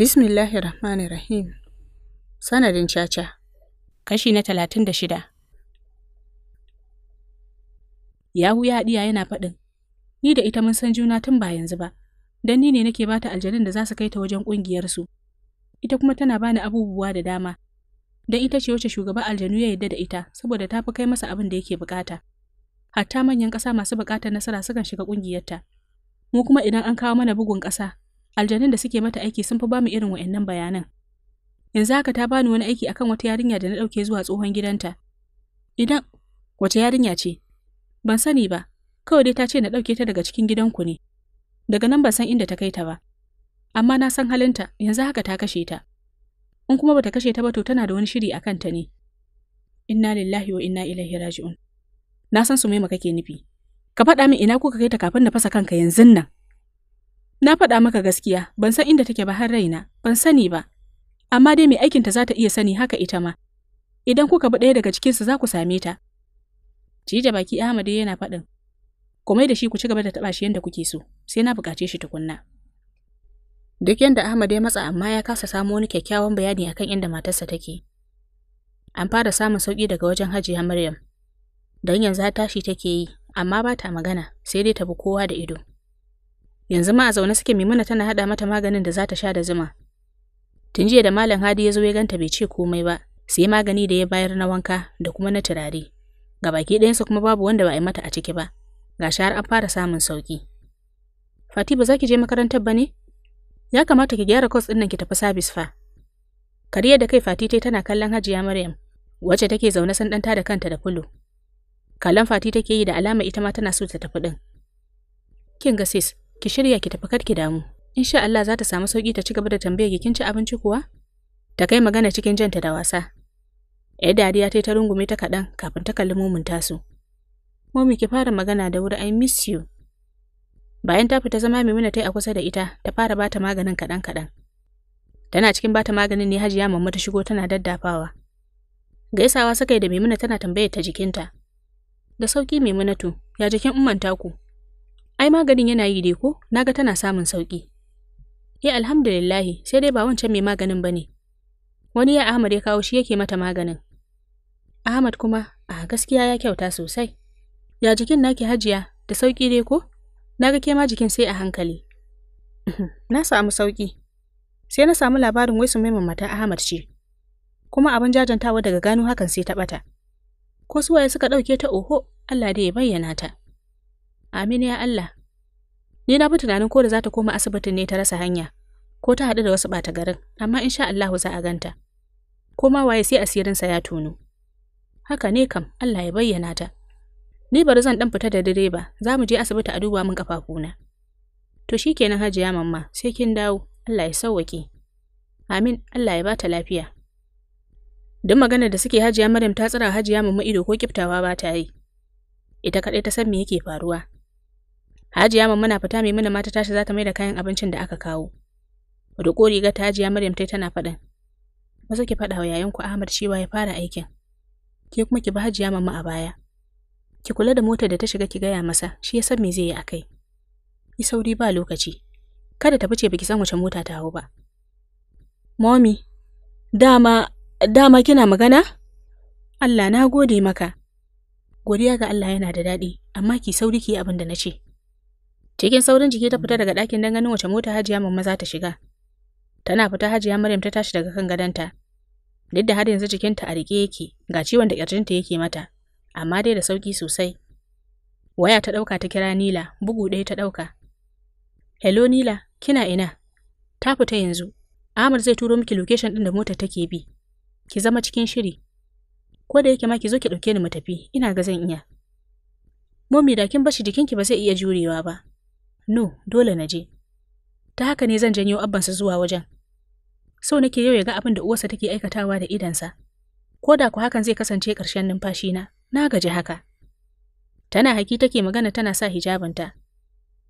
Bismillahi Rahmanir Rahim. Sanadin caca. Kashi na talatin da shida. Yahu ya haɗiya yana faɗin, Ni da ita mun san juna tun ba yanzu ba, don ni ne nake bata aljanun da za su kai ta wajen ƙungiyarsu. Ita kuma tana bani abubuwa da dama, don ita ce wacce shugaba aljanu ya yadda da ita saboda ta fi kai masa abin da yake bukata. Hatta manyan ƙasa masu bukatar nasara sukan shiga ƙungiyarta. Mu kuma idan an kawo mana bugun ƙasa, aljanun da suke mata aiki sun fi bamu irin wa'annan bayanan yanzu haka ta bani wani aiki akan wata yarinya da na ɗauke zuwa tsohon gidanta idan wace yarinya ce ban sani ba kawai dai ta ce na ɗauke ta daga cikin gidanku ne daga nan ban san inda ta kai ta ba amma na san halinta yanzu haka ta kashe ta in kuma bata kashe ta ba to tana da wani shiri akan ta ne inna lillahi wa inna ilaihi raji'un na san su kake nufi ka faɗa min ina kuka kai ta kafin na fasa kanka yanzun nan Na faɗa maka gaskiya, ban san inda take ba har raina, ban sani ba. Amma dai mai aikinta za ta iya sani haka ita ma. Idan kuka bi ɗaya daga cikinsu za ku same ta. Cija baki Ahmad yana faɗin. mai da shi ku ci gaba da taɓa shi yadda kuke so, sai na buƙace shi tukunna. Duk yadda Ahmad ya matsa amma ya kasa samu wani kyakkyawan bayani akan inda matarsa take. An fara samun sauƙi daga wajen Hajiya Maryam. Don yanzu tashi take yi, amma ba ta magana, sai dai ta bi kowa da ido. Yanzu ma a zaune suke Maimuna tana haɗa mata maganin da za ta sha da zuma. Tun jiya da Malam Hadi ya zo ya ganta bai ce komai ba, sai magani da ya bayar na wanka da kuma na turare. ga baki ɗayansa kuma babu wanda ba a yi mata a ciki ba. Ga har an fara samun sauki. Fati ba za ki je makarantar ba ne? Ya kamata ki gyara kwas ɗin ki tafi sabis fa. Kariya da kai Fati tai tana kallon Hajiya Maryam, wacce take zaune san ɗanta da kanta da fulo. Kallon Fati take yi da alama ita ma tana so ta tafi ɗin. Kin ga sis, Ki shirya ki tafi kar ki damu. Insha Allah za ta samu sauki ta cigaba gaba da tambayar kin ci abinci kuwa? Ta kai magana cikin janta da wasa. Yar dariya ta ta rungume ta kaɗan kafin ta kalli mumun tasu. Momi ki fara magana da wuri I miss you. Bayan ta fita zama Maimuna ta yi a kusa da ita, ta fara bata maganin kaɗan kaɗan. Tana cikin bata maganin ne Hajiya Mamma ta shigo tana daddafawa. Gaisawa sakai yi da Maimuna tana tambayar ta jikinta. Da sauki tu, ya jikin umman taku, Ai maganin yana yi dai ko? Naga tana samun sauki. Eh alhamdulillahi, sai dai ba wancan mai maganin ba ne. Wani ya Ahmad ya kawo shi yake mata maganin. Ahmad kuma, a gaskiya ya kyauta sosai. Ya jikin naki hajiya, da sauki dai ko? Naga ke ma jikin sai a hankali. na samu sauki. Sai na samu labarin wai sun maimama mata Ahmad ce. Kuma abin jajantawa daga gano hakan sai ta ɓata. Ko suwaye suka ɗauke ta oho, Allah dai ya bayyana ta. Amin ya Allah. Ni na fi tunanin ko da za ta koma asibitin ne ta rasa hanya, ko ta haɗu da wasu ɓata garin, amma in sha Allah za a ganta. koma waye sai asirinsa ya tono. Haka ne kam, Allah ya bayyana ta. Ni bari zan ɗan fita da direba, za mu je asibiti a duba min ƙafafuna. To shi kenan hajiya mamma, sai kin dawo, Allah ya sauwaƙe. Amin, Allah ya bata lafiya. Duk maganar da suke hajiya Maryam ta tsira hajiya mamma ido ko kiftawa ba ta yi. Ita kaɗai ta san me yake faruwa, Hajiya Maimuna fita Maimuna ma ta tashi za ta mai da kayan abincin da aka kawo. Riko rigar ta Hajiya Maryam tai tana faɗin. Maza ki faɗa wa yayan ku Ahmad cewa ya fara aikin. Ke kuma ki ba Hajiya Mamma a baya. Ki kula da motar da ta shiga ki gaya masa, shi ya san me zai yi a kai. Yi sauri ba lokaci. Kada ta fice biki san wace mota ta hau ba. Mommy, dama dama kina magana? Allah na gode maka. Godiya ga Allah yana da daɗi, amma ki sauri ki yi abin da na ce. Cikin saurin jiki ta fita daga ɗakin don ganin wace mota Hajiya Mamma za ta shiga. Tana fita Hajiya Maryam ta tashi daga kan gadonta. Duk da har yanzu jikinta a rike yake, ga ciwon da ƙirjinta yake mata, amma dai da sauƙi sosai. Waya ta ɗauka ta kira Nila, bugu ɗaya ta ɗauka. Hello Nila, kina ina? Ta fita yanzu. Ahmad zai turo miki location ɗin da motar take bi. Ki zama cikin shiri. Ko da yake ma ki zo ki ɗauke ni mu tafi, ina ga zan iya. Momi da kin bashi jikinki ba zai iya jurewa ba. No, dole na je. Ta haka ne zan janyo abbansa zuwa wajen. So nake yau ya ga abin da uwarsa take aikatawa da idansa. Ko da ku hakan zai kasance ƙarshen numfashina, na gaji haka. Tana haki take magana tana sa hijabinta.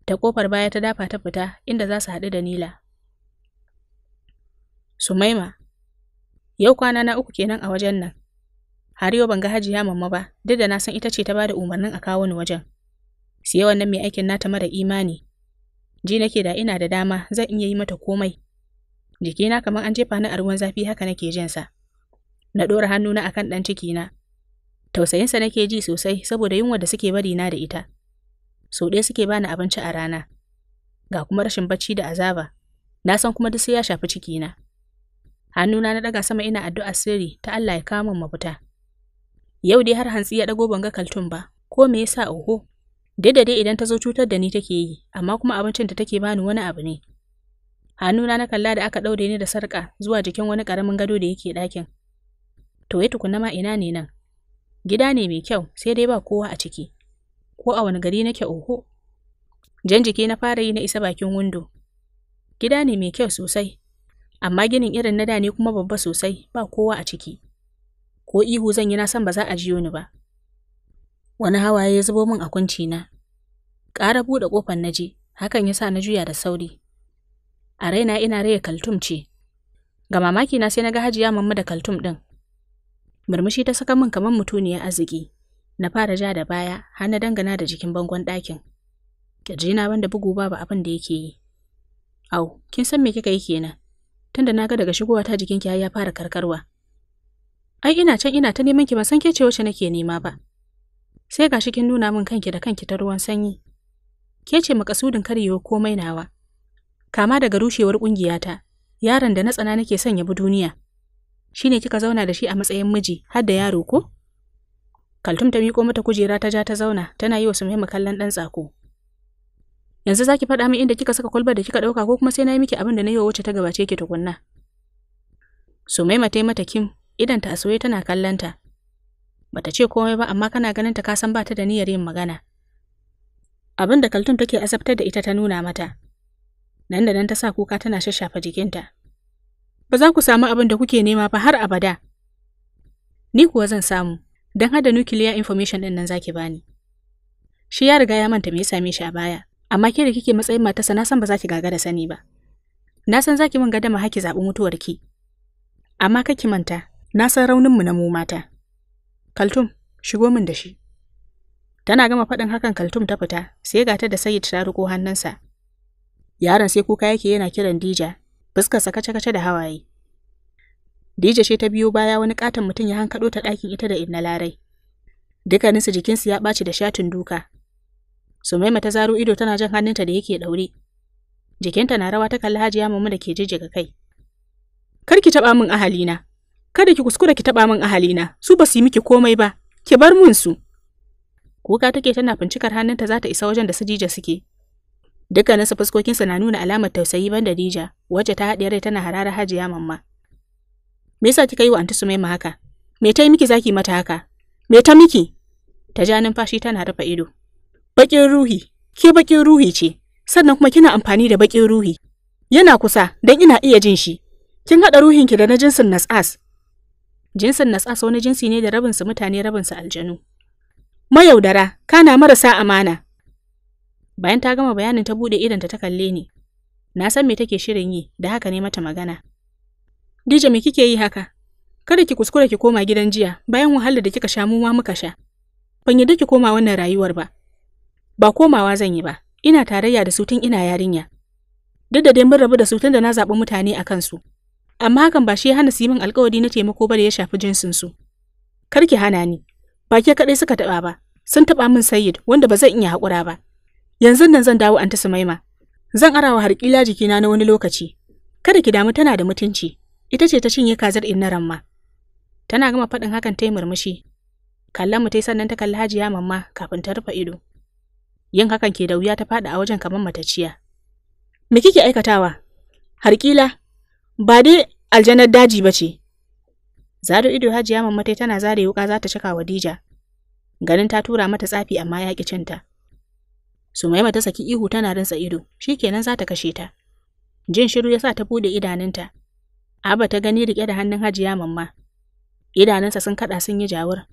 Da ƙofar baya ta dafa ta fita inda za su haɗu da Nila. Sumaima, yau kwana na uku kenan a wajen nan. Har yau ban ga hajiya mamma ba, duk da na san ita ce ta ba da umarnin a kawo ni wajen. Siya wannan mai aikin nata mara imani, ji nake da ina da dama zan iya yi mata komai jikina kamar an jefa ni a ruwan zafi haka nake jin sa na ɗora hannuna akan ɗan cikina tausayinsa nake ji sosai saboda yunwa da suke bari na da ita sau ɗaya suke bani abinci a rana ga kuma rashin bacci da azaba na san kuma duk sai ya shafi cikina hannuna na ɗaga sama ina addu'a sirri ta Allah ya kawo min mafita yau dai har hantsi ya ɗago banga kaltun ba ko me yasa oho Duk da dai idan ta zo cutar da ni take yi, amma kuma abincin da take bani wani abu ne. Hannuna na kalla da aka ɗaure ni da sarƙa zuwa jikin wani ƙaramin gado da yake ɗakin. To ya tukuna ma ina ne nan? Gida ne mai kyau, sai dai ba kowa a ciki. Ko a wani gari nake oho? Jan jiki na fara yi na isa bakin windo. Gida ne mai kyau sosai, amma ginin irin na da ne kuma babba sosai, ba kowa a ciki. Ko ihu zan yi na san ba za a jiyo ni ba. wani hawaye ya zubo min a na. Ƙara buɗe ƙofar na je, hakan ya sa na juya da sauri. A raina ina raya kaltum ce. Ga mamaki na sai na ga hajiya mamma da kaltum ɗin. Murmushi ta saka min kamar mutuniyar arziki. Na fara ja da baya, har na dangana da jikin bangon ɗakin. na banda bugu babu abin da yake yi. Au, kin san me kika yi kenan? Tunda na ga daga shigowa ta jikin har ya fara karkarwa. Ai ina can ina ta neman ki ba san ke ce wacce nake nema ba. sai gashi kin nuna min kanki da kanki ta ruwan sanyi. Ke ce makasudin karyewa komai nawa. Kama daga rushewar ƙungiyata, yaron da na tsana nake son ya bi duniya. Shi ne kika zauna da shi a matsayin miji har da yaro ko? Kaltum ta miƙo mata kujera ta ja ta zauna tana yi wa Sumaima kallon ɗan tsako. Yanzu za ki faɗa min inda kika saka kwalbar da kika ɗauka ko kuma sai na yi miki abin da na yi wa wacce ta gabace ki tukunna. Sumaima ta mata kim idan ta soye tana kallon ta. Bata ce komai ba amma kana ganin ta kasan bata da niyyar yin magana. Abin da Kaltum take azabtar da ita ta nuna mata. Nan da nan ta sa kuka tana shashafa jikinta. Ba za ku samu abin da kuke nema ba har abada. Ni kuwa zan samu, don hada nuclear information ɗin nan zaki bani. Shi ya riga ya manta me ya same shi a baya, amma ke da kike matsayin matarsa na san ba za ki gaga da sani ba. Na san za ki min gadama haki zaɓi mutuwarki. Amma kake manta, na san rauninmu na mu mata. Kaltum, shigo min da shi. Tana gama faɗin hakan Kaltum ta fita, sai ga ta da Sayyid ta riko hannunsa. Yaron sai kuka yake yana kiran Dija, fuskarsa kace-kace da hawaye. Dija ce ta biyo baya wani katon mutum ya hankaɗo ta ɗakin ita da Inna Larai. Dukkaninsu jikinsu ya ɓaci da shatin duka. Sumaima ta zaro ido tana jan hannunta da yake ɗaure. Jikinta na rawa ta kalli Hajiya Mamu da ke jijjiga kai. Kar ki taɓa min ahalina, kada ki kuskura ki taɓa min ahalina, su ba su yi miki komai ba, ki bar mun su. Kuka take tana fincikar hannunta za ta isa wajen da su jija suke. Dukkaninsu sa na nuna alamar tausayi ban da Dija, wacce ta haɗe rai tana harara hajiya mamma. Me yasa kika yi wa Anti Sumaima haka? Me ta yi miki zaki mata haka? Me ta miki? Ta ja numfashi tana rufe ido. Bakin ruhi, ke bakin ruhi ce, sannan kuma kina amfani da bakin ruhi. Yana kusa, don ina iya jin shi. Kin haɗa ruhinki da na jinsin nas'as, Jinsin nasasa wani jinsi ne da rabin rabinsu mutane su aljanu. Mayaudara, kana marasa amana. Bayan ta gama bayanin ta buɗe idanta ta kalle ni. Na san me take shirin yi, da haka ne mata magana. Dije me kike yi haka? Kada ki kuskura ki koma gidan jiya, bayan wahalar da kika sha mu ma muka sha. Ban yadda ki koma wannan rayuwar ba. Ba komawa zan yi ba. Ina tarayya da sutun ina yarinya. Duk da dai mun rabu da su tun da na zaɓi mutane a kansu. amma hakan ba shi ya hana su yi min alkawari na taimako ba da ya shafi jinsin su. Kar ki hana ni, ba ke kaɗai suka taɓa ba, sun taɓa min sayyid wanda ba zan iya haƙura ba. Yanzu nan zan dawo anta Sumaima. Zan arawa harkila jikina na wani lokaci. Kada ki damu tana da mutunci, ita ce ta cinye kazar inna ramma. Tana gama faɗin hakan ta yi murmushi. Kallon mu ta yi sannan ta kalli hajiya mamma kafin ta rufe ido. Yin hakan ke da wuya ta faɗi a wajen kamar mataciya. Me kike aikatawa? Harƙila, ba dai aljanar daji ba ce. Zaro ido hajiya mammatai tana zare wuka za ta caka wa Dija. Ganin ta tura mata tsafi amma ya ƙi cinta. Sumaima ta saki ihu tana rinsa ido, shi kenan za ta kashe ta. Jin shiru ya sa ta bude idanunta. Aba ta gani rike da hannun hajiya mamma. Idanunsa sun kaɗa sun yi jawur.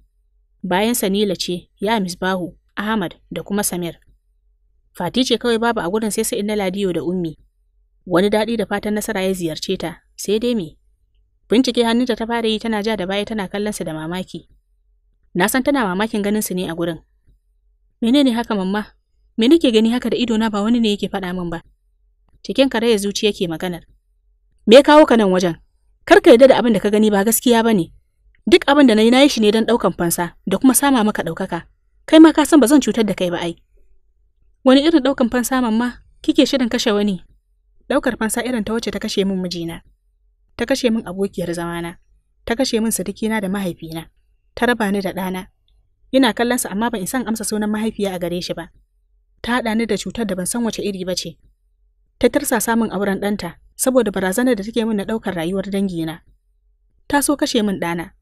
Bayan Sanila ce, ya Bahu, Ahmad da kuma Samir. Fati ce kawai babu a gurin sai su inna Ladiyo da Ummi. Wani daɗi da fatan nasara ya ziyarce ta, sai dai me? Bincike hannunta ta fara yi tana ja da baya tana kallon su da mamaki. Na san tana mamakin ganin su ne a gurin. Menene haka mamma? Me nake gani haka da idona ba wani ne yake faɗa min ba? Cikin ya zuci yake maganar. Me kawo ka nan wajen? Kar ka yarda da abin da ka gani ba gaskiya ba ne. Duk abin da na yi na yi shi ne don ɗaukan fansa da kuma sama maka ɗaukaka. Kai ma ka san ba zan cutar da kai ba ai. Wani irin ɗaukan fansa mamma kike shirin kashe wani? ɗaukar fansa irin ta wacce ta kashe min mijina, ta kashe min abokiyar zamana, ta kashe min sadikina da mahaifina, ta raba ni da ɗana. Ina kallon sa amma ban isan amsa sunan mahaifiya a gare shi ba. Ta haɗa ni da cutar da ban san wace iri ba ce. Ta tarsa samun auren ɗanta saboda barazanar da take min na ɗaukar rayuwar na. Ta so kashe min ɗana.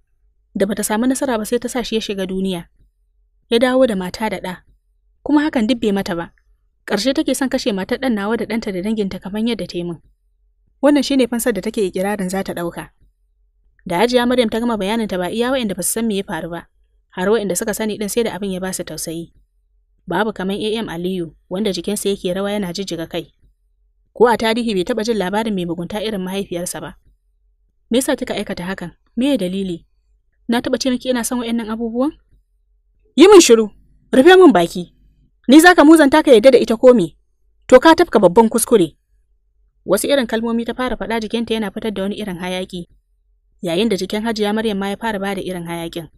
Da bata samu nasara ba sai ta sa shi ya shiga duniya. Ya dawo da mata da ɗa. Kuma hakan duk bai mata ba. Karshe take son kashe matar ɗan nawa da ɗanta da danginta kamar yadda ta yi min. Wannan shi ne fansar da take ikirarin za ta ɗauka. Da Hajiya Maryam ta gama bayanin ta ba iya waɗanda ba su san me ya faru ba, har waɗanda suka sani ɗin sai da abin ya ba su tausayi. Babu kamar AM Aliyu wanda jikinsa yake rawa yana jijjiga kai. Ko a tarihi bai taɓa jin labarin mai mugunta irin mahaifiyarsa ba. Me yasa kika aikata hakan? Me ya dalili? Na taɓa ce miki ina son waɗannan abubuwan? Yi min shiru, rufe min baki, Ni za ka muzanta ka yadda da ita ko me? To ka tafka babban kuskure. Wasu irin kalmomi ta fara faɗa jikinta yana fitar da wani irin hayaƙi, yayin da jikin Hajiya Maryam ma ya fara bada irin hayaƙin.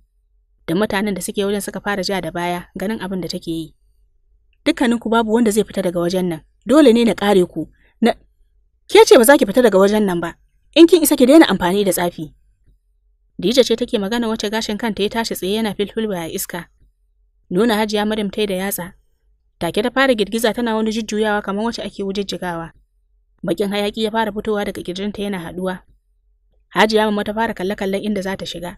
Da mutanen da suke wajen suka fara ja da baya ganin abin da take yi. Dukkaninku babu wanda zai fita daga wajen nan, dole ne na kare ku. Na Ke ce ba za ki fita daga wajen nan ba, in kin isa ki daina amfani da tsafi. Dija ce take magana wacce gashin kanta ya tashi tsaye yana filfilba a iska. Nuna Hajiya Maryam ta da yatsa, Take ta fara girgiza tana wani jujjuyawa kamar wacce ake wujijjigawa. Bakin hayaki ya fara fitowa daga kirjinta yana haduwa. Hajiya mamma ta fara kalle-kallen inda za ta shiga.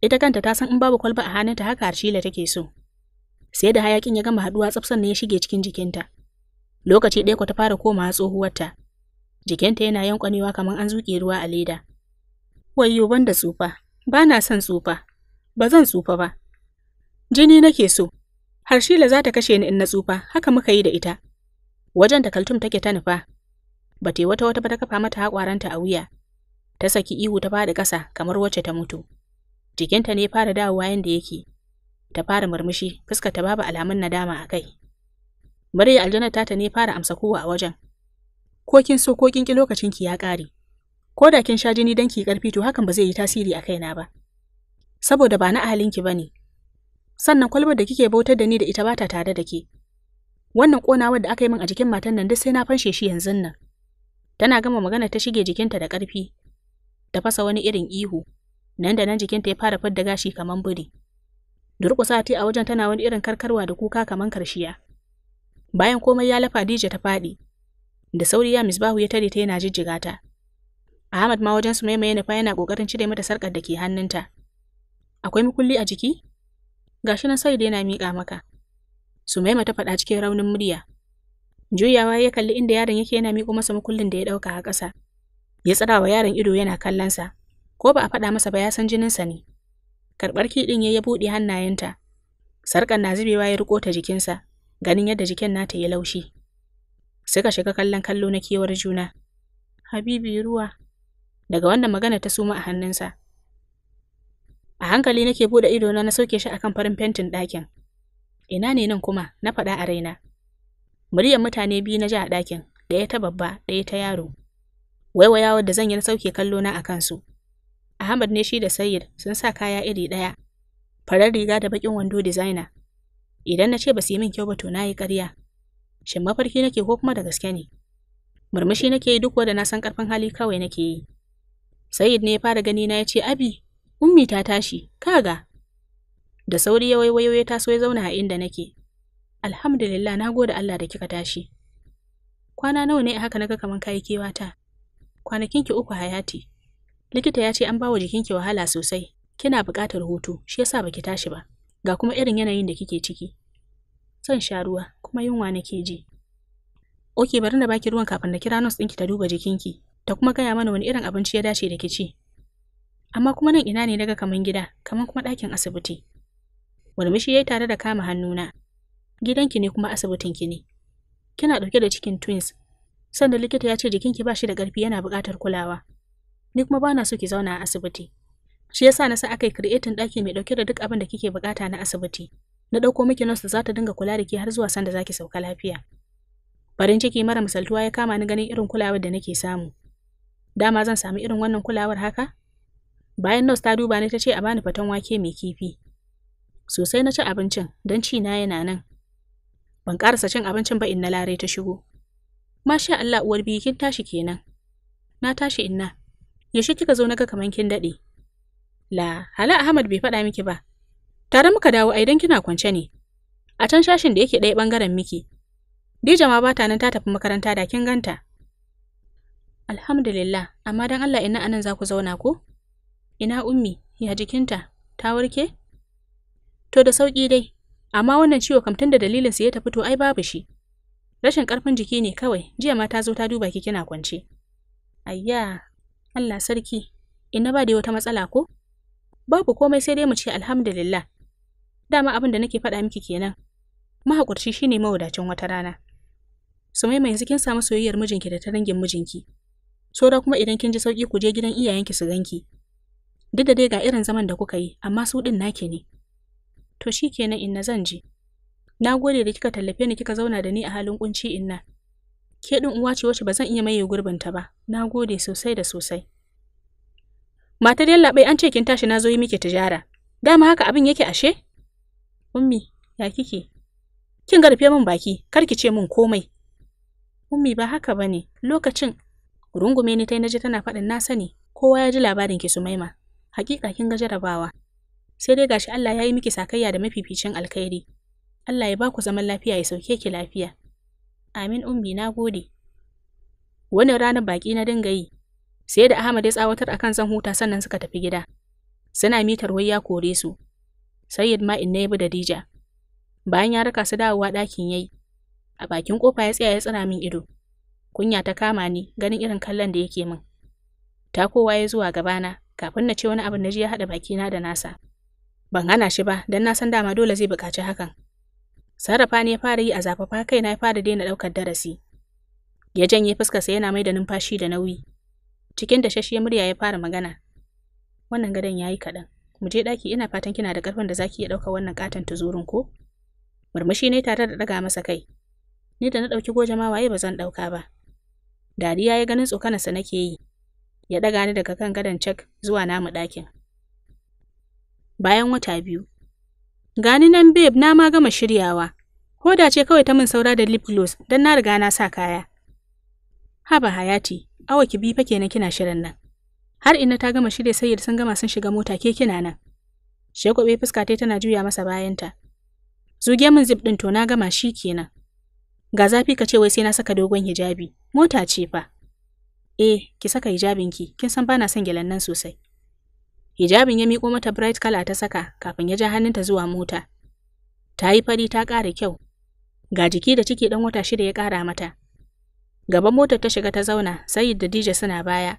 Ita kanta ta san in babu kwalba a hannunta haka Arshila take so. Sai da hayakin ya gama haduwa tsafsan ne ya shige cikin jikinta. Lokaci ɗaya ta fara komawa tsohuwarta. Jikinta yana yankwanewa kamar an zuke ruwa a leda. Wayyo ban da tsufa, ba na son tsufa, ba zan tsufa ba. Jini nake so, har Shila za ta kashe ni in na tsufa, haka muka yi da ita. Wajen da kaltum take ta nufa, ba ta wata wata ba ta kafa mata haƙwaranta a wuya. Ta saki ihu ta fada ƙasa kamar wacce ta mutu. Jikinta ne fara dawowa yanda yake. Ta fara murmushi, fuskar ta babu alamun nadama a kai. Murya aljanar ta ne fara amsa kowa a wajen. Ko kin so ko kin ki lokacin ki ya ƙare. Ko da kin sha jini dan ki karfi to hakan ba zai yi tasiri a kaina ba. Saboda ba na ahalinki ne. sannan kwalbar da kike bautar da ni da ita bata tare da ke. Wannan ƙonawar da aka yi min a jikin matan nan duk sai na fanshe shi yanzu nan. Tana gama magana ta shige jikinta da ƙarfi, ta fasa wani irin ihu, nan da nan jikinta ya fara fadda gashi kamar biri. Durƙusa ta a wajen tana wani irin karkarwa da kuka kamar karshiya. Bayan komai ya lafa Dija ta faɗi, da sauri ya misbahu ya tare ta yana jijjiga ta. Ahmad ma wajen su maimaye nufa yana ƙoƙarin cire mata sarƙar da ke hannunta. Akwai mukulli a jiki? Ga Gashi na da yana miƙa maka. Sumaima ta faɗa cikin raunin murya. Juyawa ya kalli inda yaron yake yana miƙo masa makullin da ya ɗauka a ƙasa. Ya tsara wa yaron ido yana kallonsa. Ko ba a faɗa masa ba ya san jininsa ne. Karɓar kiɗin ya buɗe hannayenta. Sarƙar na zubewa ya riko ta jikinsa, ganin yadda jikin nata ya laushi. Suka shiga kallon kallo na kewar juna. Habibi ruwa. Daga wannan magana ta suma a hannunsa. A hankali nake bude idona na sauke shi akan farin fentin ɗakin. Ina ne nan kuma na faɗa a raina. Muryar mutane biyu na ji a ɗakin, ɗaya ta babba, ɗaya ta yaro. Waiwayawar wadda zan yi na sauke kallo na a kansu. Ahmad ne shi da Sayyid sun sa kaya iri ɗaya. Farar riga da baƙin wando designer. Idan na ce ba su yi min kyau ba to na yi ƙarya. Shin mafarki nake ko kuma da gaske ne? Murmushi nake yi duk wanda na san ƙarfin hali kawai nake yi. Sayyid ne ya fara gani na ya ce Abi Ummi ta tashi, kaga. Da sauri ya waiwayo ya taso ya zauna a inda nake. Alhamdulillah na gode Allah da kika tashi. Kwana nawa ne haka naga kaman kayi kewata? Kwanakin ki uku hayati. Likita ya ce an bawa jikinki wahala sosai. Kina buƙatar hutu, shi yasa baki tashi ba. Ga kuma irin yanayin da kike ciki. Son sha ruwa, kuma yunwa nake ji. Oke, bari na baki ruwan kafin na kira nurse ɗinki ta duba jikinki, ta kuma gaya mana wani irin abinci ya dace da ki ci. amma kuma nan ina ne daga kaman gida kaman kuma ɗakin asibiti murmushi ya yi tare da kama hannuna gidanki ne kuma asibitinki ne kina ɗauke da cikin twins sanda likita ya ce jikinki ba shi da ƙarfi yana buƙatar kulawa ni kuma ba na so ki zauna a asibiti shi yasa na sa aka yi ɗaki mai ɗauke da duk abin da kike buƙata na asibiti na ɗauko miki nurse da za ta dinga kula da ke har zuwa sanda zaki sauka lafiya farin ciki mara misaltuwa ya kama ni ganin irin kulawar da nake samu dama zan samu irin wannan kulawar haka Bayan nurse ta duba ni ta ce a bani faten wake mai kifi. Sosai na ci abincin don ci na yana nan. Ban ƙarasa cin abincin ba inna lare ta shigo. Masha Allah uwar biyu kin tashi kenan. Na tashi inna. Yaushe kika zo naga kaman kin daɗe. La, hala Ahmad bai faɗa miki ba. Tare muka dawo a idan kina kwance ne. A can shashin da yake ɗaya ɓangaren miki. Dija ma bata nan ta tafi makaranta da kin ganta. Alhamdulillah, amma dan Allah inna anan za ku zauna ko? Ina ummi, ya jikinta, ta warke? To da sauƙi dai, amma wannan ciwo kam tun da dalilin sa ya tafi to ai babu shi. Rashin ƙarfin jiki ne kawai, jiya ma ta zo ta duba ki kina kwance. Ayya, Allah sarki, ina ba da wata matsala ko? Babu komai sai dai mu ce alhamdulillah. Dama abin da nake faɗa miki kenan. Mahaƙurci shine mawadacin wata rana. Sumaima yanzu kin samu soyayyar mijinki da ta dangin mijinki. Saura kuma idan kin ji sauƙi ku je gidan iyayenki su ganki. Duk da dai ga irin zaman da kuka yi, amma su din nake ne. To shi kenan inna zan je. Na gode da kika tallafe ni kika zauna da ni a halin kunci inna. Ke ɗin uwa ce wace ba zan iya maye gurbinta ba. Na gode sosai da sosai. Matar yallaɓai an ce kin tashi na zo yi miki tijara. Dama haka abin yake ashe? Ummi, ya kike? Kin garfe min baki, kar ki ce min komai. Ummi ba haka bane, lokacin rungume ni tai naji tana faɗin na sani, kowa ya ji labarin ki maima. Hakika kin ga jarabawa. Sai dai gashi Allah ya yi miki sakayya da mafificin alkhairi. Allah ya ba ku zaman lafiya ya sauke ki lafiya. Amin ummi na gode. Wani ranar baki na dinga yi. Sai da Ahmad ya tsawatar akan zan huta sannan suka tafi gida. Suna mitar wai ya kore su. Sayyid ma inna ya bi da Dija. Bayan ya raka su dawowa ɗakin yayi. A bakin kofa ya tsaya ya tsira min ido. Kunya ta kama ni ganin irin kallon da yake min. Ta kowa ya zuwa gabana, kafin na ce wani abu na ji ya haɗa bakina da nasa. Ban hana shi ba, don na san dama dole zai buƙaci hakan. Sarrafa ne ya fara yi a zafafa kaina ya fara daina ɗaukar darasi. Ya janye fuskarsa yana mai da numfashi da nauyi. Cikin da shashiyar murya ya fara magana. Wannan gadon ya yi kaɗan. Mu je ɗaki ina fatan kina da ƙarfin da za ki iya ɗaukar wannan ƙaton tuzurin ko? Murmushi ne tare da ɗaga masa kai. Ni da na ɗauki goje ma waye ba zan ɗauka ba. Dariya ya ganin tsokanarsa nake yi. ya ɗaga ni daga kan gadon cak zuwa namu ɗakin. Bayan wata biyu, gani nan babe na ma gama shiryawa, hoda ce kawai ta min saura da lip gloss don na riga na sa kaya. Haba Hayati, awa ki bi fa kenan kina shirin nan. Har ina ta gama shirya sayyid sun gama sun shiga mota ke kina nan. Shekwabe fuska ta tana juya masa bayanta. Zuge min zip ɗin to na gama shi kenan. Ga zafi ka ce wai sai na saka dogon hijabi, mota ce fa. Eh, ki saka hijabin ki kin san bana son gyalen nan sosai. Hijabin ya miƙo mata bright color ta saka kafin ya ja hannunta zuwa mota. Ta yi fari ta ƙara kyau. Ga jiki da ciki ɗan wata shida ya ƙara mata. Gaban motar ta shiga ta zauna, sai da Dija suna baya.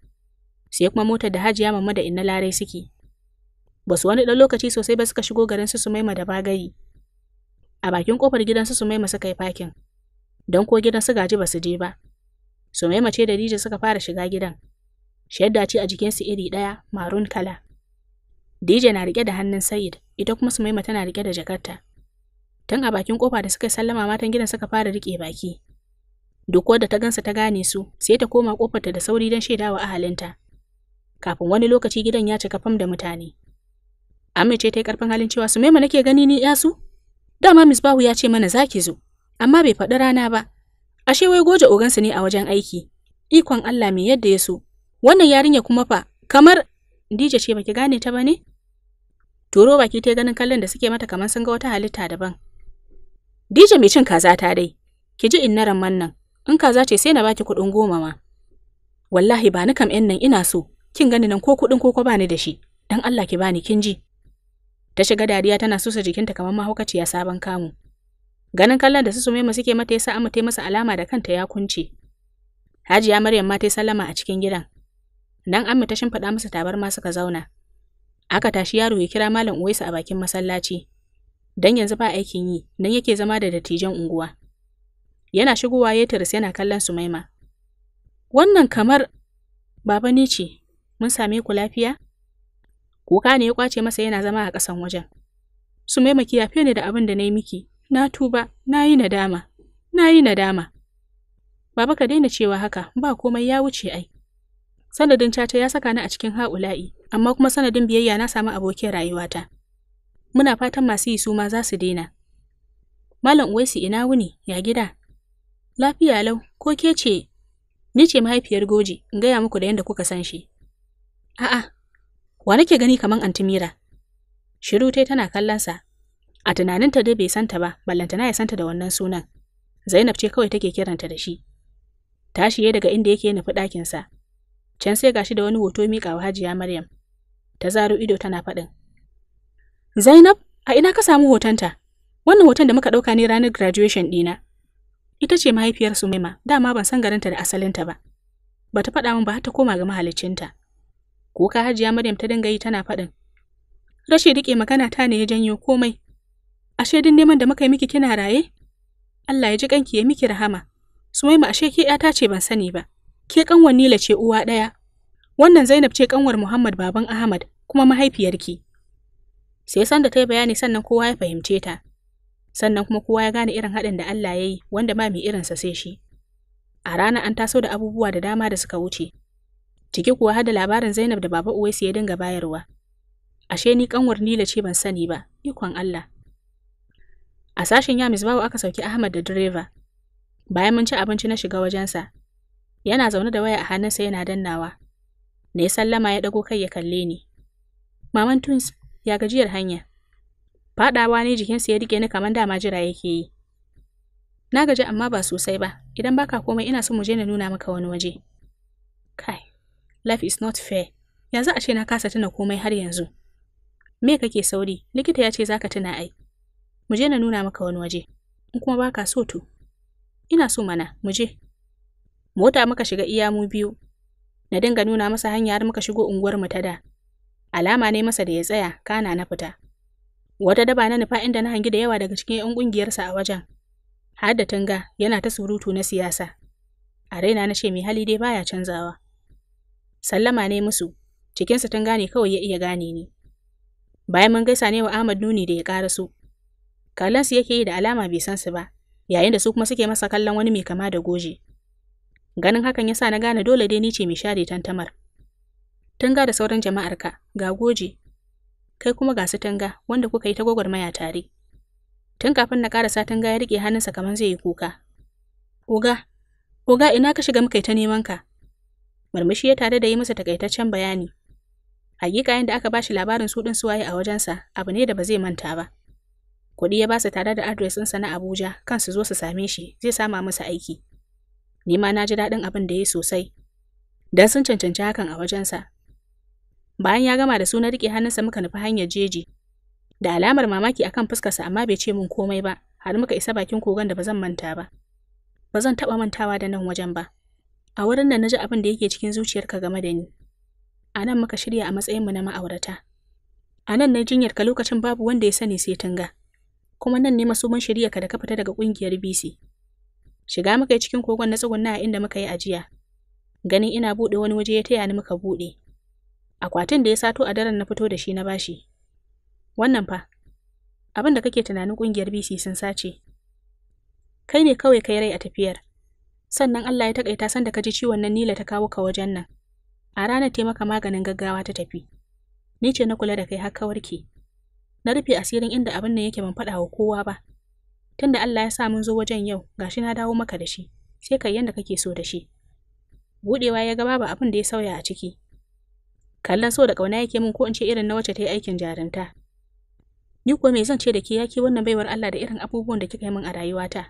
Sai kuma motar da Hajiya Mamma da Inna Larai suke. Ba su wani ɗan lokaci sosai ba suka shigo garin su Sumaima da Bagayi. A bakin kofar gidan su Sumaima suka yi fakin. Don ko gidan su gaji ba su je ba. Sumaima ce da Dija suka fara shiga gidan. Shadda ce a jikinsu iri ɗaya, maroon kala. Dija na riƙe da hannun Sayid, ita kuma Sumaima tana riƙe da jakarta. Tun a bakin kofa da suka sallama matan gidan suka fara rike baki. Duk wadda ta gansa ta gane su, sai ta koma kofarta da sauri don wa ahalinta. Kafin wani lokaci gidan ya cika fam da mutane. Amince ta yi ƙarfin halin cewa Sumaima nake gani ni yasu? Dama Misbahu ya ce mana za ki zo, amma bai faɗi rana ba, Ashe wai goje ogansu ne a wajen aiki. Ikon Allah mai yadda ya so. Wannan yarinya kuma fa kamar Dija ce baki gane ta bane? Turo baki ta ganin kallon da suke mata kamar sun ga wata halitta daban. Dija mai cin kaza ta dai. Ki ji innaran nan. In kaza ce sai na baki kuɗin goma ma. Wallahi ba ni kam ƴan nan ina so. Kin gani nan ko kuɗin ko ko bani da shi. Dan Allah ki bani kin ji. Ta shiga dariya tana susa jikinta kamar mahaukaciya sabon kamu. Ganin kallon da su Sumaima suke mata yasa sa Amu ta masa alama da kanta ya kunce. Hajiya Maryam ma ta sallama a cikin gidan. Nan amma ta shimfiɗa masa tabarma suka zauna. Aka tashi yaro ya kira Malam uwaisa a bakin masallaci. Dan yanzu ba aikin yi, nan yake zama da dattijan unguwa. Yana shigowa ya tiris yana kallon Sumaima. Wannan kamar Baba ni ce, mun same ku lafiya? Kuka ne ya kwace masa yana zama a kasan wajen. Sumaima ki yafe ne da abin da na yi miki, na tuba, na yi nadama, na yi nadama. Baba ka daina cewa haka, ba komai ya wuce ai. Sanadin caca ya saka ni a cikin ha'ula'i, amma kuma sanadin biyayya na samu abokin rayuwata. Muna fatan masu yi su ma za su daina. Malam Uwaisu ina wuni, ya gida. Lafiya lau, ko ke ce? Ni ce mahaifiyar Goji, in gaya muku da yadda kuka san shi. A'a, wa nake gani kamar Antimira? Shiru tai tana sa. A tunaninta dai bai santa ba, ballantana ya santa da wannan sunan. Zainab ce kawai take kiranta da shi. Ta shiye daga inda yake nufi ɗakinsa. Can sai gashi da wani hoto mika wa Hajiya Maryam. Ta zaro ido tana faɗin. Zainab, a ina ka samu hotonta? Wannan hoton da muka ɗauka ne ranar graduation ɗina. Ita ce mahaifiyar Sumaima, dama ban san garinta da asalinta ba. Bata faɗa min ba har ta koma ga mahaliccinta. Kuka Hajiya Maryam ta dinga yi tana faɗin. Rashin riƙe magana ta ne ya janyo komai, ashe din neman da muka yi miki kina raye Allah ya ji kanki ya miki rahama Sumaima ashe ke ta ce ban sani ba ke kanwar Nila ce uwa ɗaya wannan Zainab ce kanwar Muhammad baban Ahmad kuma mahaifiyarki sai da ta yi bayani sannan kowa ya fahimce ta sannan kuma kowa ya gane irin haɗin da Allah ya yi wanda ma mai irinsa sai shi a rana an taso da abubuwa da dama da suka wuce ciki kuwa hada labarin Zainab da Baba Uwaisu ya dinga bayarwa. Ashe ni kanwar Nila ce ban sani ba, ikon Allah. A sashen Yamis babu aka sauki Ahmad da direba. Bayan mun ci abinci na shiga wajensa, yana zaune da waya a hannunsa yana dannawa. Na ya sallama ya ɗago kai ya kalle ni. Maman Tuns ya gajiyar hanya. Faɗawa ne jikinsa ya rike ni kamar dama jira yake yi. Na gaji amma ba sosai ba, idan baka komai ina son mu je na nuna maka wani waje. Kai, life is not fair. Yanzu a ce na kasa tuna komai har yanzu. Me kake sauri? Likita ya ce za ka tuna ai. mu je na nuna maka wani waje in kuma baka so to ina so mana mu je mota muka shiga iya mu biyu na dinga nuna masa hanya har muka shigo unguwar mu ta da alama ne masa da ya tsaya kana na fita wata daba na nufa inda na hangi da yawa daga cikin yan ƙungiyarsa a wajen har da tunga yana ta surutu na siyasa a raina na ce mai hali dai baya canzawa sallama ne musu cikinsa Tun Gane kawai ya iya gane ni bayan mun gaisa ne wa Ahmad nuni da ya so. Kalansu yake yi da alama bai san su ba, yayin da su kuma suke masa kallon wani mai kama da goje. Ganin hakan ya sa na gane dole dai ni ce mai share tantamar. Tunga da sauran jama'ar ka ga goje. Kai kuma ga su tunga wanda kuka yi ta gwagwarmaya tare. Tun kafin na karasa ga ya rike hannunsa kamar zai yi kuka. Oga, oga ina ka shiga muka yi ta neman ka. Murmushi ya tare da yi masa takaitaccen bayani. Hakika yadda aka bashi labarin su din suwaye a wajensa abu ne da ba zai manta ba. Kuɗi ya ba su tare da adres na Abuja kan su zo su same shi zai sama musu aiki. Ni ma na ji daɗin abin da ya yi sosai. Dan sun cancanci hakan a wajensa. Bayan ya gama da su na riƙe hannunsa muka nufi hanyar jeji. Da alamar mamaki akan fuskarsa amma bai ce min komai ba har muka isa bakin kogon da ba zan manta ba. Ba zan taɓa mantawa da nan wajen ba. A wurin nan na ji abin da yake cikin zuciyarka game da ni. A nan muka shirya a matsayinmu na ma'aurata. A nan na jinyarka lokacin babu wanda ya sani sai tunga. kuma nan ne masomin shirya ka da ka fita daga ƙungiyar BC. Shiga muka yi cikin kogon na tsugunna a inda muka yi ajiya. Ganin ina buɗe wani waje ya taya ni muka buɗe. Akwatin da ya sato a daren na fito da shi na bashi. Wannan fa, abin da kake tunanin ƙungiyar BC sun sace. Kai ne kawai kai rai a tafiyar. Sannan Allah ya taƙaita san da ka ji ciwon nan Nila ta kawo ka wajen nan. A ranar taimaka maganin gaggawa ta tafi. Ni ce na kula da kai har ka warke. Na rufe asirin inda abin nan yake ban faɗa wa kowa ba. Tunda Allah ya sa mun zo wajen yau, gashi na dawo maka da shi, sai kai yanda kake so da shi. Budewa ya ga babu abin da ya sauya a ciki. Kallon so da ƙauna yake min ko in ce irin na wace ta yi aikin jarinta. Ni kuwa me zan ce da ke yaki wannan baiwar Allah da irin abubuwan da kika yi min a rayuwata.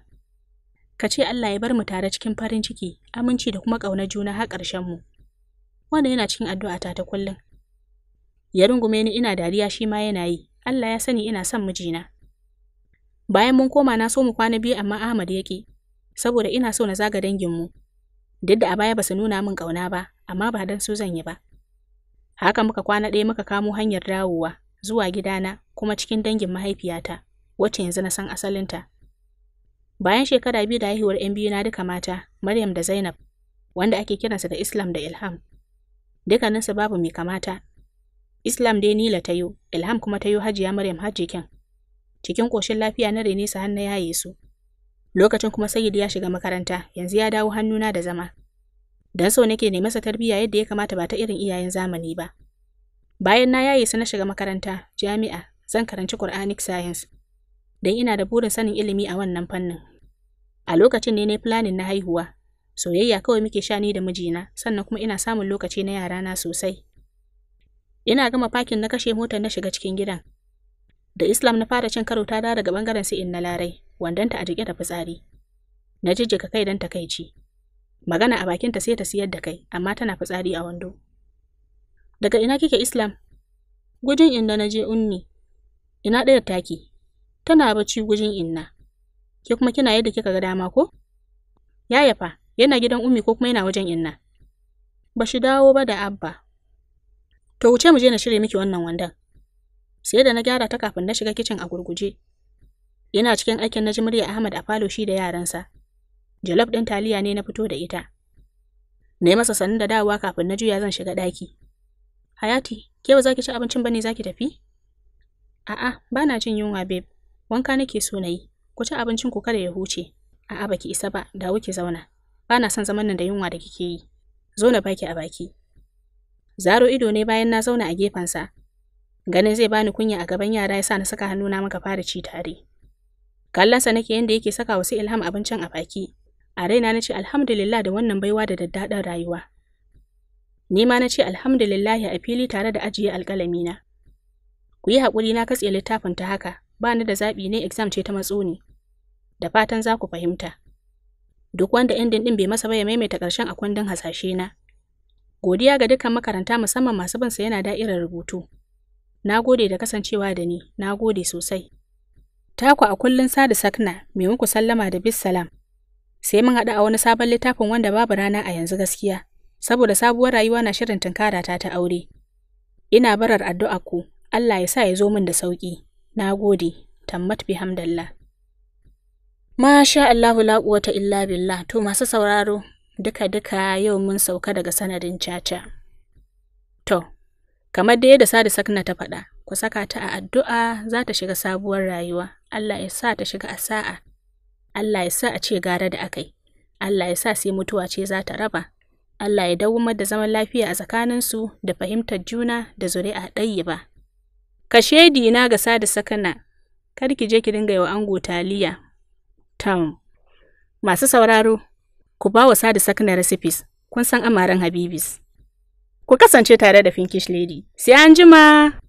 Ka ce Allah ya bar mu tare cikin farin ciki, aminci da kuma ƙaunar juna har ƙarshen mu. Wannan yana cikin addu'ata ta kullum. Ya rungume ni ina dariya shi ma yana yi. Allah ya sani ina son mijina. Bayan mun koma na so mu kwana biyu amma Ahmad ya ƙi, saboda ina so na zaga danginmu. Duk da a baya ba su nuna min ƙauna ba, amma ba don su zan yi ba. Haka muka kwana ɗaya muka kamo hanyar dawowa zuwa gidana kuma cikin dangin mahaifiyata, wacce yanzu na san asalinta. Bayan shekara biyu da haihuwar 'yan biyu na duka mata, Maryam da Zainab, wanda ake kiransa da Islam da Ilham. Dukkaninsu babu mai kamata, Islam dai Nila ta yi, Ilham kuma ta yi Hajiya Maryam Hajjiken. Cikin ƙoshin lafiya na rene su hannu yaye su. Lokacin kuma Sayyid ya shiga makaranta, yanzu ya dawo hannuna da zama. Dan so nake ne masa tarbiyya yadda ya kamata ba ta irin iyayen zamani ba. Bayan na yaye su na shiga makaranta, jami'a, zan karanci Quranic Science. Dan ina da burin sanin ilimi a wannan fannin. A lokacin ne ne planning na haihuwa, soyayya kawai muke sha ni da mijina sannan kuma ina samun lokaci na yarana sosai Ina gama fakin na kashe motar na shiga cikin gidan. Da Islam na fara cin karo ta dawo daga bangaren sai in na larai, wandanta a jike da fitsari. Na jijjiga kai don takaici. Magana a bakin ta sai ta siyar da kai, amma tana fitsari a wando. Daga ina kike Islam? Gujin inda na je unni. Ina ɗaya taki. Tana bacci gujin inna. Ke kuma kina yadda kika ga dama ko? Yaya fa, yana gidan ummi ko kuma yana wajen inna? Ba shi dawo ba da abba, To wuce mu je na shirya miki wannan wandan. Sai da na gyara ta kafin na shiga kicin a gurguje. Yana cikin aikin na ji murya Ahmad a falo shi da yaransa. Jalab ɗin taliya ne na fito da ita. Na masa sanin da dawowa kafin na juya zan shiga ɗaki. Hayati, ke ba za ki ci abincin ba ne za ki tafi? A'a, ba na jin yunwa, babe. Wanka nake so na yi. Ku ci abincin ku kada ya huce. A'a, baki isa ba, dawo ki zauna. Ba na son zaman nan da yunwa da kike yi. Zo na baki a baki. Zaro ido ne bayan na zauna a gefensa. Ganin zai bani kunya a gaban yara ya sa na saka hannuna muka fara ci tare. Kallonsa nake yadda yake saka wasu ilham abincin a baki. A raina na ce alhamdulillah da wannan baiwa da daddaɗar rayuwa. Ni ma na ce alhamdulillah a fili tare da ajiye alƙalamina. Ku yi haƙuri na katse littafin ta haka, ba ni da zaɓi ne exam ce ta matso ne. Da fatan za ku fahimta. Duk wanda indin ɗin bai masa ba ya maimaita ƙarshen a kundin hasashe na. Godiya ga dukkan makaranta musamman masu bin sa yana da'irar rubutu. Na gode da kasancewa da ni, na gode sosai. Taku a kullun da Sakna, mai muku sallama da bis salam. Sai mun haɗu a wani sabon littafin wanda babu rana a yanzu gaskiya, saboda sabuwar rayuwa na shirin tunkara ta ta aure. Ina barar addu'a ku, Allah ya sa ya zo min da sauƙi. Na gode, tammat bihamdallah. Masha Allahu la quwwata illa billah to masu sauraro duka-duka yau mun sauka daga sanadin caca. To, kamar da yadda Sadi Sakna ta faɗa, ku saka ta a addu'a za ta shiga sabuwar rayuwa, Allah ya sa ta shiga a sa'a, Allah ya sa a ce gara da akai, Allah ya sa sai mutuwa ce za ta raba, Allah ya dawumar da zaman lafiya a tsakaninsu da fahimtar juna da zuri'a ɗayi ba. Ka na ga Sadi sakana. kar ki je ki dinga yi wa ango taliya. Tam, masu sauraro, ku ba wa Sadi Sakna recipes, kun san amaren Habibis. Ku kasance tare da Finkish Lady. Sai an jima!